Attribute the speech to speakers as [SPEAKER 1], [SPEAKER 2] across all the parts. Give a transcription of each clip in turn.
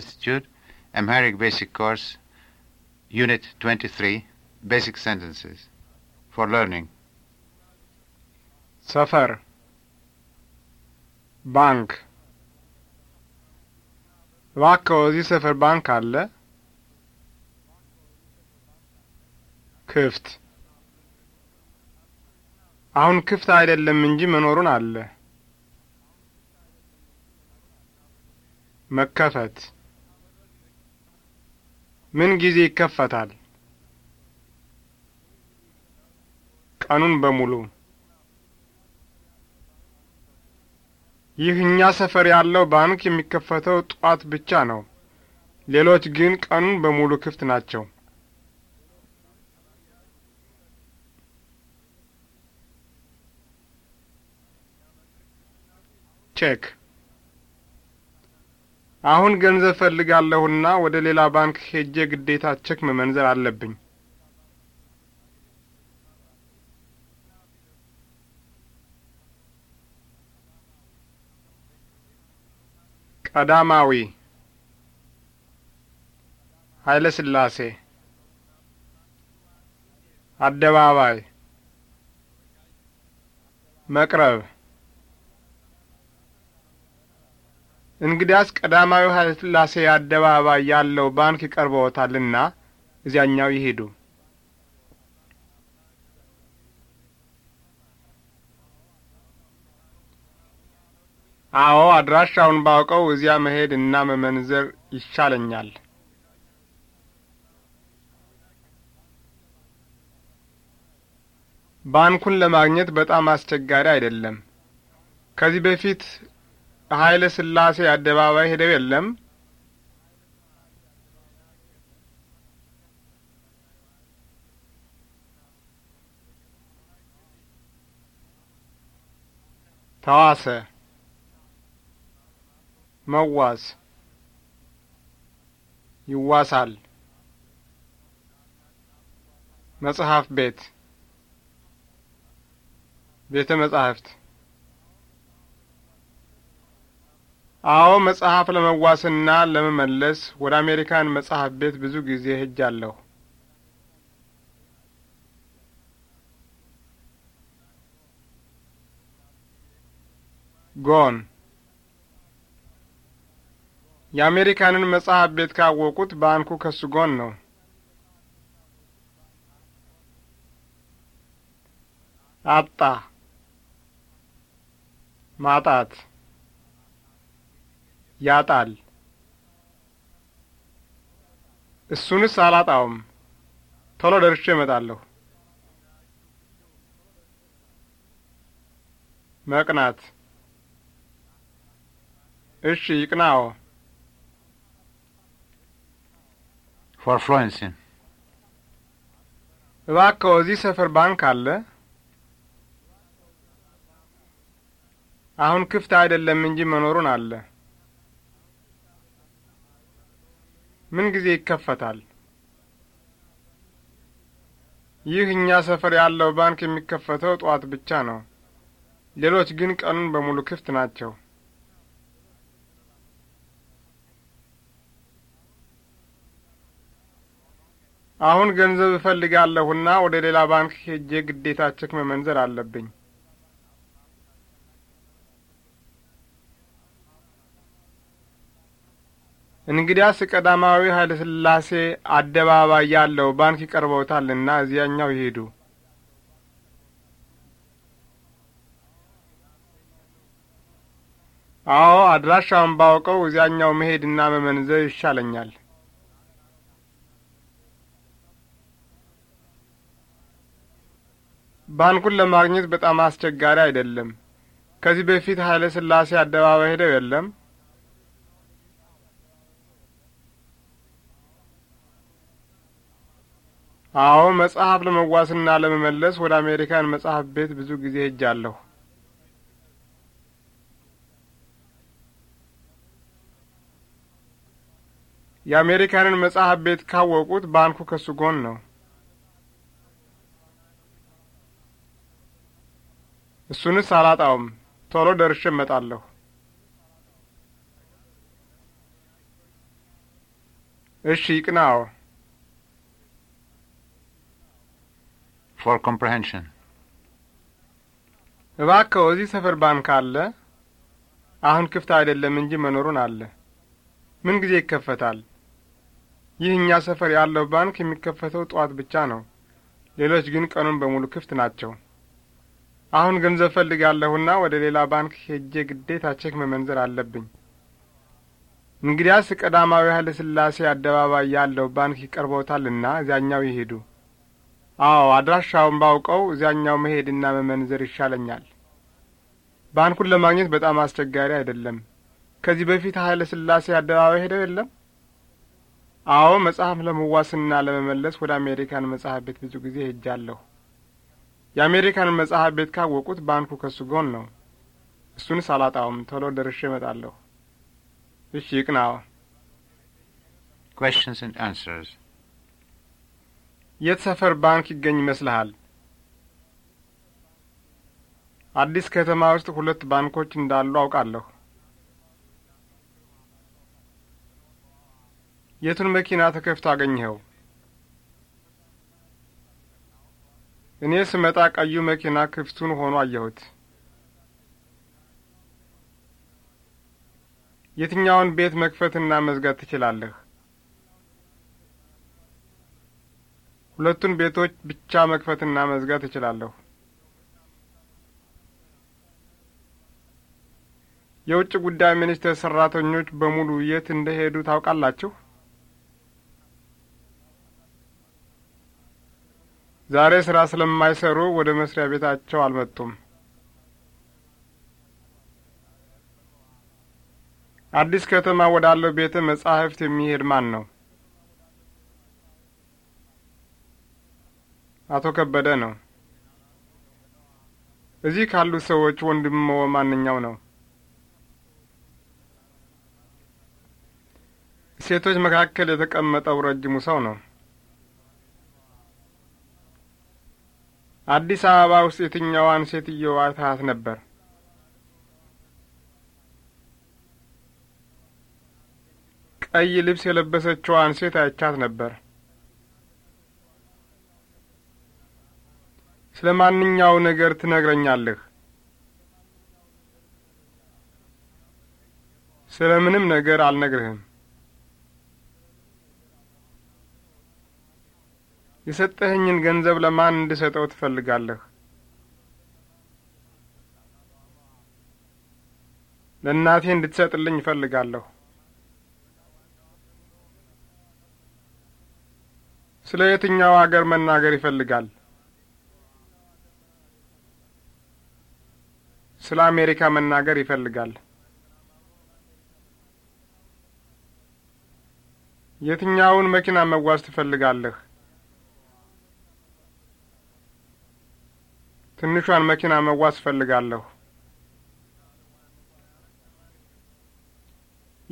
[SPEAKER 1] Institute, Amharic Basic Course, Unit 23, Basic Sentences for Learning. Safar Bank Wako ozi sefer bank alle? ክፍት አሁን ክፍት አይደለም እንጂ መኖሩን አለ መከፈት ምን ጊዜ ይከፈታል? ቀኑን በሙሉ። ይህ እኛ ሰፈር ያለው ባንክ የሚከፈተው ጧት ብቻ ነው። ሌሎች ግን ቀኑን በሙሉ ክፍት ናቸው። ቼክ አሁን ገንዘብ ፈልጋለሁና ወደ ሌላ ባንክ ሄጄ ግዴታ ቼክ መመንዘር አለብኝ። ቀዳማዊ ኃይለ ሥላሴ አደባባይ መቅረብ እንግዲያስ ቀዳማዊ ኃይለ ሥላሴ አደባባይ ያለው ባንክ ይቀርበዎታልና እዚያኛው ይሄዱ። አዎ አድራሻውን ባውቀው እዚያ መሄድ እና መመንዘር ይሻለኛል። ባንኩን ለማግኘት በጣም አስቸጋሪ አይደለም። ከዚህ በፊት ኃይለ ስላሴ አደባባይ ሄደው የለም? ተዋሰ መዋዝ ይዋሳል። መጽሐፍ ቤት ቤተ መጻሕፍት አዎ መጽሐፍ ለመዋስና ለመመለስ ወደ አሜሪካን መጽሐፍ ቤት ብዙ ጊዜ ሄጃለሁ። ጎን የአሜሪካንን መጽሐፍ ቤት ካወቁት ባንኩ ከሱ ጎን ነው። አጣ ማጣት ያጣል። እሱንስ አላጣውም። ቶሎ ደርሼ እመጣለሁ። መቅናት። እሺ ይቅናዎ። ፎር ፍሎንሲን እባክዎ እዚህ ሰፈር ባንክ አለ? አሁን ክፍት አይደለም እንጂ መኖሩን አለ። ምን ጊዜ ይከፈታል? ይህ እኛ ሰፈር ያለው ባንክ የሚከፈተው ጠዋት ብቻ ነው። ሌሎች ግን ቀኑን በሙሉ ክፍት ናቸው። አሁን ገንዘብ እፈልጋለሁና ወደ ሌላ ባንክ ሄጄ ግዴታ ቼክ መመንዘር አለብኝ። እንግዲያስ ቀዳማዊ ኃይለ ሥላሴ አደባባይ ያለው ባንክ ይቀርበውታልና እዚያኛው ይሄዱ። አዎ አድራሻውን ባውቀው እዚያኛው መሄድና መመንዘብ ይሻለኛል። ባንኩን ለማግኘት በጣም አስቸጋሪ አይደለም። ከዚህ በፊት ኃይለ ሥላሴ አደባባይ ሄደው የለም? አዎ መጽሐፍ ለመዋስና ለመመለስ ወደ አሜሪካን መጽሐፍ ቤት ብዙ ጊዜ ሄጃለሁ። የአሜሪካንን መጽሐፍ ቤት ካወቁት ባንኩ ከሱ ጎን ነው። እሱንስ አላጣውም። ቶሎ ደርሼ እመጣለሁ። እሺ ይቅናዎ። for comprehension. እባክዎ እዚህ ሰፈር ባንክ አለ? አሁን ክፍት አይደለም እንጂ መኖሩን አለ። ምን ጊዜ ይከፈታል? ይህ እኛ ሰፈር ያለው ባንክ የሚከፈተው ጠዋት ብቻ ነው። ሌሎች ግን ቀኑን በሙሉ ክፍት ናቸው። አሁን ገንዘብ ፈልጋለሁና ወደ ሌላ ባንክ ሄጄ ግዴታ ቼክ መመንዘር አለብኝ። እንግዲያስ ቀዳማዊ ኃይለ ሥላሴ አደባባይ ያለው ባንክ ይቀርበውታልና እዚያኛው ይሄዱ። አዎ፣ አድራሻውን ባውቀው እዚያኛው መሄድና መመንዘር ይሻለኛል። ባንኩን ለማግኘት በጣም አስቸጋሪ አይደለም። ከዚህ በፊት ኃይለ ሥላሴ አደባባይ ሄደው የለም? አዎ፣ መጽሐፍ ለመዋስና ለመመለስ ወደ አሜሪካን መጽሐፍ ቤት ብዙ ጊዜ ሄጃለሁ። የአሜሪካን መጽሐፍ ቤት ካወቁት ባንኩ ከሱ ጎን ነው። እሱን ሳላጣውም ቶሎ ደርሼ እመጣለሁ። እሺ፣ ይቅናዋ። questions and answers የት ሰፈር ባንክ ይገኝ ይመስልሃል? አዲስ ከተማ ውስጥ ሁለት ባንኮች እንዳሉ አውቃለሁ። የቱን መኪና ተከፍቶ አገኘኸው? እኔ ስመጣ ቀዩ መኪና ክፍቱን ሆኖ አየሁት። የትኛውን ቤት መክፈትና መዝጋት ትችላለህ? ሁለቱን ቤቶች ብቻ መክፈትና መዝጋት እችላለሁ። የውጭ ጉዳይ ሚኒስቴር ሰራተኞች በሙሉ የት እንደሄዱ ታውቃላችሁ? ዛሬ ስራ ስለማይሰሩ ወደ መስሪያ ቤታቸው አልመጡም። አዲስ ከተማ ወዳለው ቤተ መጻሕፍት የሚሄድ ማን ነው? አቶ ከበደ ነው። እዚህ ካሉት ሰዎች ወንድምዎ ማንኛው ነው? ሴቶች መካከል የተቀመጠው ረጅሙ ሰው ነው። አዲስ አበባ ውስጥ የትኛዋን ሴትየዋ ታት ነበር? ቀይ ልብስ የለበሰችዋን ሴት አይቻት ነበር። ስለ ማንኛው ነገር ትነግረኛለህ? ስለ ምንም ነገር አልነግርህም። የሰጠህኝን ገንዘብ ለማን እንድሰጠው ትፈልጋለህ? ለእናቴ እንድትሰጥልኝ እፈልጋለሁ። ስለ የትኛው አገር መናገር ይፈልጋል? ስለ አሜሪካ መናገር ይፈልጋል። የትኛውን መኪና መጓዝ ትፈልጋለህ? ትንሿን መኪና መጓዝ እፈልጋለሁ።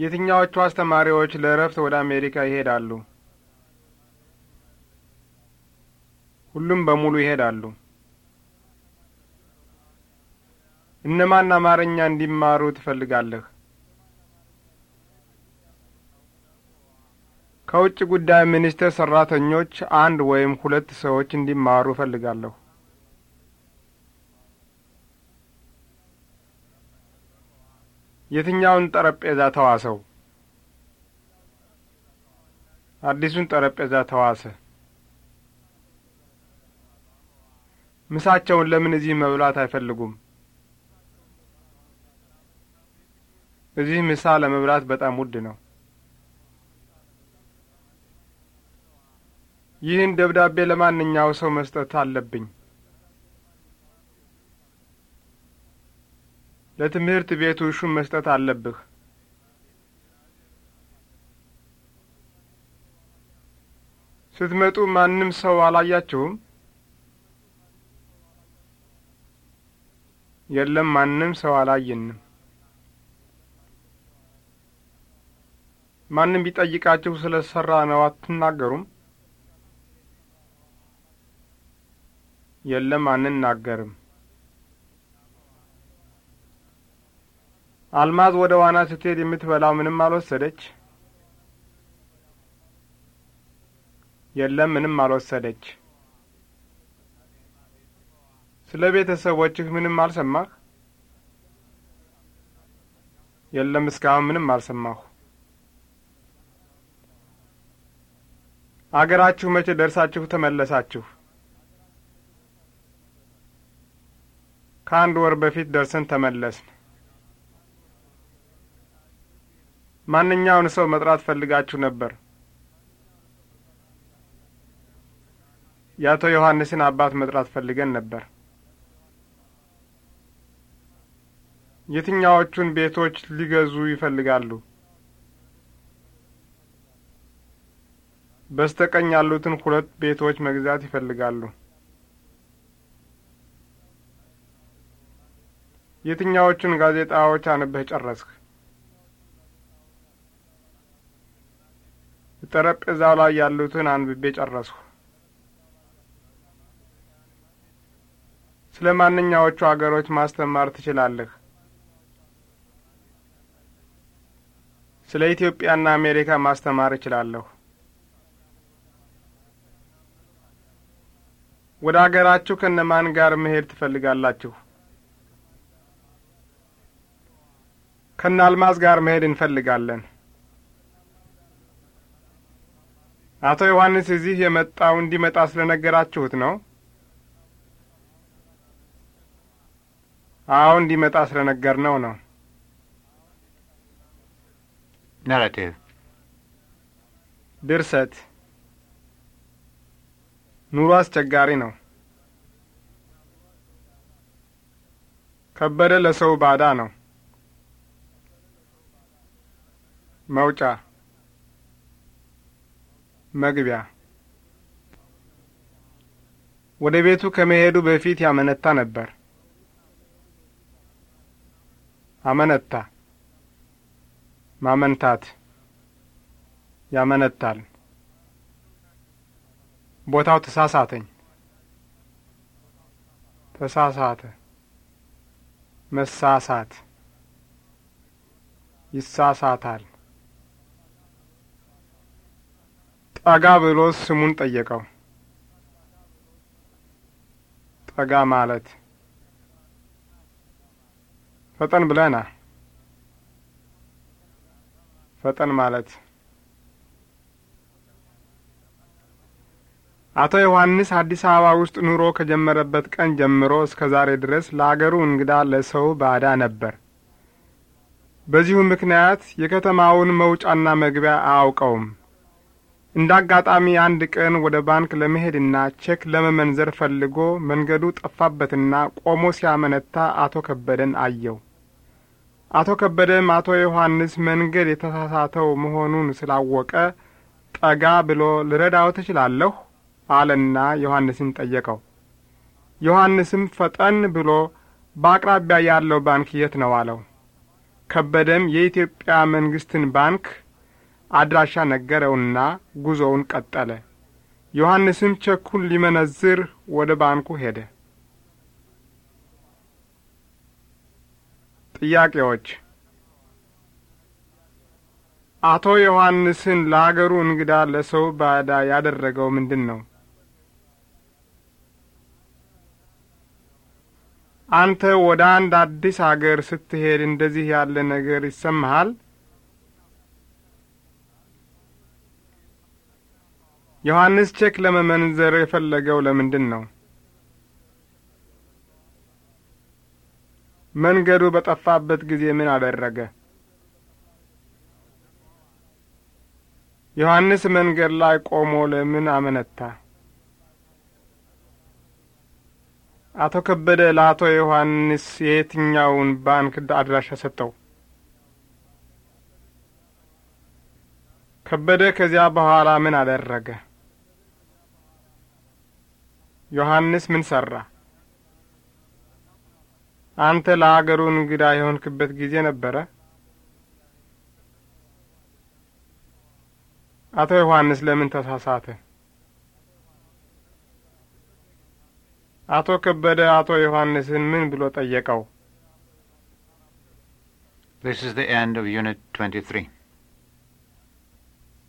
[SPEAKER 1] የትኛዎቹ አስተማሪዎች ለእረፍት ወደ አሜሪካ ይሄዳሉ? ሁሉም በሙሉ ይሄዳሉ። እነማን አማርኛ እንዲማሩ ትፈልጋለህ? ከውጭ ጉዳይ ሚኒስቴር ሰራተኞች አንድ ወይም ሁለት ሰዎች እንዲማሩ እፈልጋለሁ። የትኛውን ጠረጴዛ ተዋሰው? አዲሱን ጠረጴዛ ተዋሰ። ምሳቸውን ለምን እዚህ መብላት አይፈልጉም? እዚህ ምሳ ለመብላት በጣም ውድ ነው። ይህን ደብዳቤ ለማንኛው ሰው መስጠት አለብኝ። ለትምህርት ቤቱ ሹም መስጠት አለብህ። ስትመጡ ማንም ሰው አላያችሁም? የለም፣ ማንም ሰው አላየንም። ማንም ቢጠይቃችሁ ስለ ሰራ ነው አትናገሩም? የለም አንናገርም። አልማዝ ወደ ዋና ስትሄድ የምትበላው ምንም አልወሰደች? የለም ምንም አልወሰደች። ስለ ቤተሰቦችህ ምንም አልሰማህ? የለም እስካሁን ምንም አልሰማሁ። አገራችሁ መቼ ደርሳችሁ ተመለሳችሁ? ከአንድ ወር በፊት ደርሰን ተመለስን። ማንኛውን ሰው መጥራት ፈልጋችሁ ነበር? የአቶ ዮሐንስን አባት መጥራት ፈልገን ነበር። የትኛዎቹን ቤቶች ሊገዙ ይፈልጋሉ? በስተቀኝ ያሉትን ሁለት ቤቶች መግዛት ይፈልጋሉ። የትኛዎቹን ጋዜጣዎች አንብህ ጨረስክ? ጠረጴዛው ላይ ያሉትን አንብቤ ጨረስሁ ስለ ማንኛዎቹ አገሮች ማስተማር ትችላለህ? ስለ ኢትዮጵያና አሜሪካ ማስተማር እችላለሁ። ወደ አገራችሁ ከነማን ጋር መሄድ ትፈልጋላችሁ? ከነ አልማዝ ጋር መሄድ እንፈልጋለን። አቶ ዮሐንስ እዚህ የመጣው እንዲመጣ ስለነገራችሁት ነው? አዎ እንዲመጣ ስለነገርነው ነው። ነረቲቭ ድርሰት ኑሮ አስቸጋሪ ነው። ከበደ ለሰው ባዳ ነው። መውጫ መግቢያ ወደ ቤቱ ከመሄዱ በፊት ያመነታ ነበር። አመነታ ማመንታት ያመነታል። ቦታው ተሳሳተኝ ተሳሳተ መሳሳት ይሳሳታል። ጠጋ ብሎ ስሙን ጠየቀው። ጠጋ ማለት ፈጠን ብለና ፈጠን ማለት አቶ ዮሐንስ አዲስ አበባ ውስጥ ኑሮ ከጀመረበት ቀን ጀምሮ እስከ ዛሬ ድረስ ለአገሩ እንግዳ ለሰው ባዳ ነበር። በዚሁ ምክንያት የከተማውን መውጫና መግቢያ አያውቀውም። እንደ አጋጣሚ አንድ ቀን ወደ ባንክ ለመሄድና ቼክ ለመመንዘር ፈልጎ መንገዱ ጠፋበትና ቆሞ ሲያመነታ አቶ ከበደን አየው። አቶ ከበደም አቶ ዮሐንስ መንገድ የተሳሳተው መሆኑን ስላወቀ ጠጋ ብሎ ልረዳው ትችላለሁ አለና ዮሐንስን ጠየቀው። ዮሐንስም ፈጠን ብሎ በአቅራቢያ ያለው ባንክ የት ነው አለው። ከበደም የኢትዮጵያ መንግሥትን ባንክ አድራሻ ነገረውና ጉዞውን ቀጠለ። ዮሐንስም ቸኩን ሊመነዝር ወደ ባንኩ ሄደ። ጥያቄዎች አቶ ዮሐንስን ለአገሩ እንግዳ ለሰው ባዳ ያደረገው ምንድን ነው? አንተ ወደ አንድ አዲስ አገር ስትሄድ እንደዚህ ያለ ነገር ይሰማሃል? ዮሐንስ ቼክ ለመመንዘር የፈለገው ለምንድን ነው? መንገዱ በጠፋበት ጊዜ ምን አደረገ? ዮሐንስ መንገድ ላይ ቆሞ ለምን አመነታ? አቶ ከበደ ለአቶ ዮሐንስ የየትኛውን ባንክ አድራሻ ሰጠው? ከበደ ከዚያ በኋላ ምን አደረገ? ዮሐንስ ምን ሰራ? አንተ ለአገሩ እንግዳ የሆንክበት ጊዜ ነበረ? አቶ ዮሐንስ ለምን ተሳሳተ? አቶ ከበደ አቶ ዮሐንስን ምን ብሎ ጠየቀው? This is the end of Unit 23.